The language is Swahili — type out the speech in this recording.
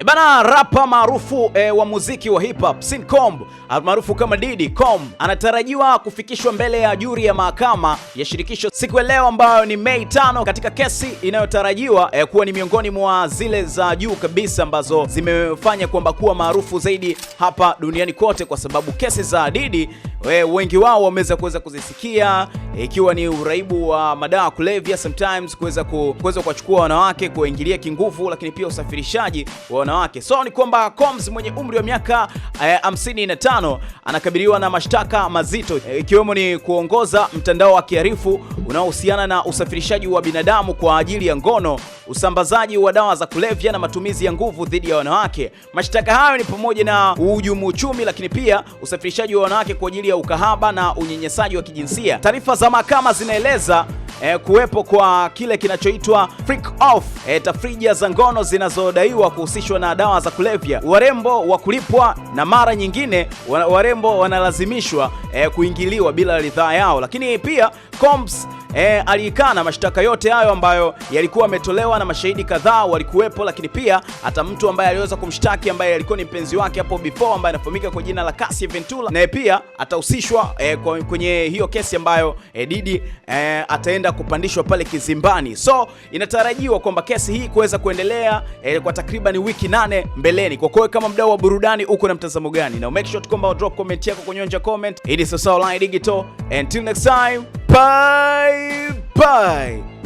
E bana, rapa maarufu e, wa muziki wa hip hop Sean Combs maarufu kama Diddy Combs anatarajiwa kufikishwa mbele ya juri ya mahakama ya shirikisho siku ya leo ambayo ni Mei tano katika kesi inayotarajiwa e, kuwa ni miongoni mwa zile za juu kabisa ambazo zimefanya kwamba kuwa maarufu zaidi hapa duniani kote, kwa sababu kesi za Diddy we, wengi wao wameweza kuweza kuzisikia ikiwa ni uraibu wa madawa kulevya, sometimes kuweza kuweza kuwachukua wanawake kuingilia kinguvu, lakini pia usafirishaji wa wanawake. So ni kwamba Combs mwenye umri wa miaka 55 eh, anakabiliwa na mashtaka mazito ikiwemo ikiwemo ni kuongoza mtandao wa kiharifu unaohusiana na usafirishaji wa binadamu kwa ajili ya ngono, usambazaji wa dawa za kulevya na matumizi ya nguvu dhidi ya wanawake. Mashtaka hayo ni pamoja na uhujumu uchumi, lakini pia usafirishaji wa wanawake kwa ajili ya ukahaba na unyenyesaji wa kijinsia. Taarifa za mahakama zinaeleza eh, kuwepo kwa kile kinachoitwa freak off eh, tafrija za ngono zinazodaiwa kuhusishwa na dawa za kulevya, warembo wa kulipwa, na mara nyingine warembo wanalazimishwa eh, kuingiliwa bila ridhaa yao, lakini pia Combs E, eh, aliikana mashtaka yote hayo ambayo yalikuwa yametolewa na mashahidi kadhaa walikuwepo, lakini pia hata mtu ambaye aliweza kumshtaki ambaye alikuwa ni mpenzi wake hapo before ambaye anafahamika kwa jina la Cassie Ventura, naye pia atahusishwa e, kwenye hiyo kesi ambayo e, Didi e, ataenda kwenda kupandishwa pale kizimbani. So inatarajiwa kwamba kesi hii kuweza kuendelea eh, kwa takriban wiki nane mbeleni. Kwa kweli kama mdau wa burudani uko na mtazamo gani? Na make sure kwamba drop comment yako kunyonja comment. It Sasa Online Digital. Until next time. Bye bye.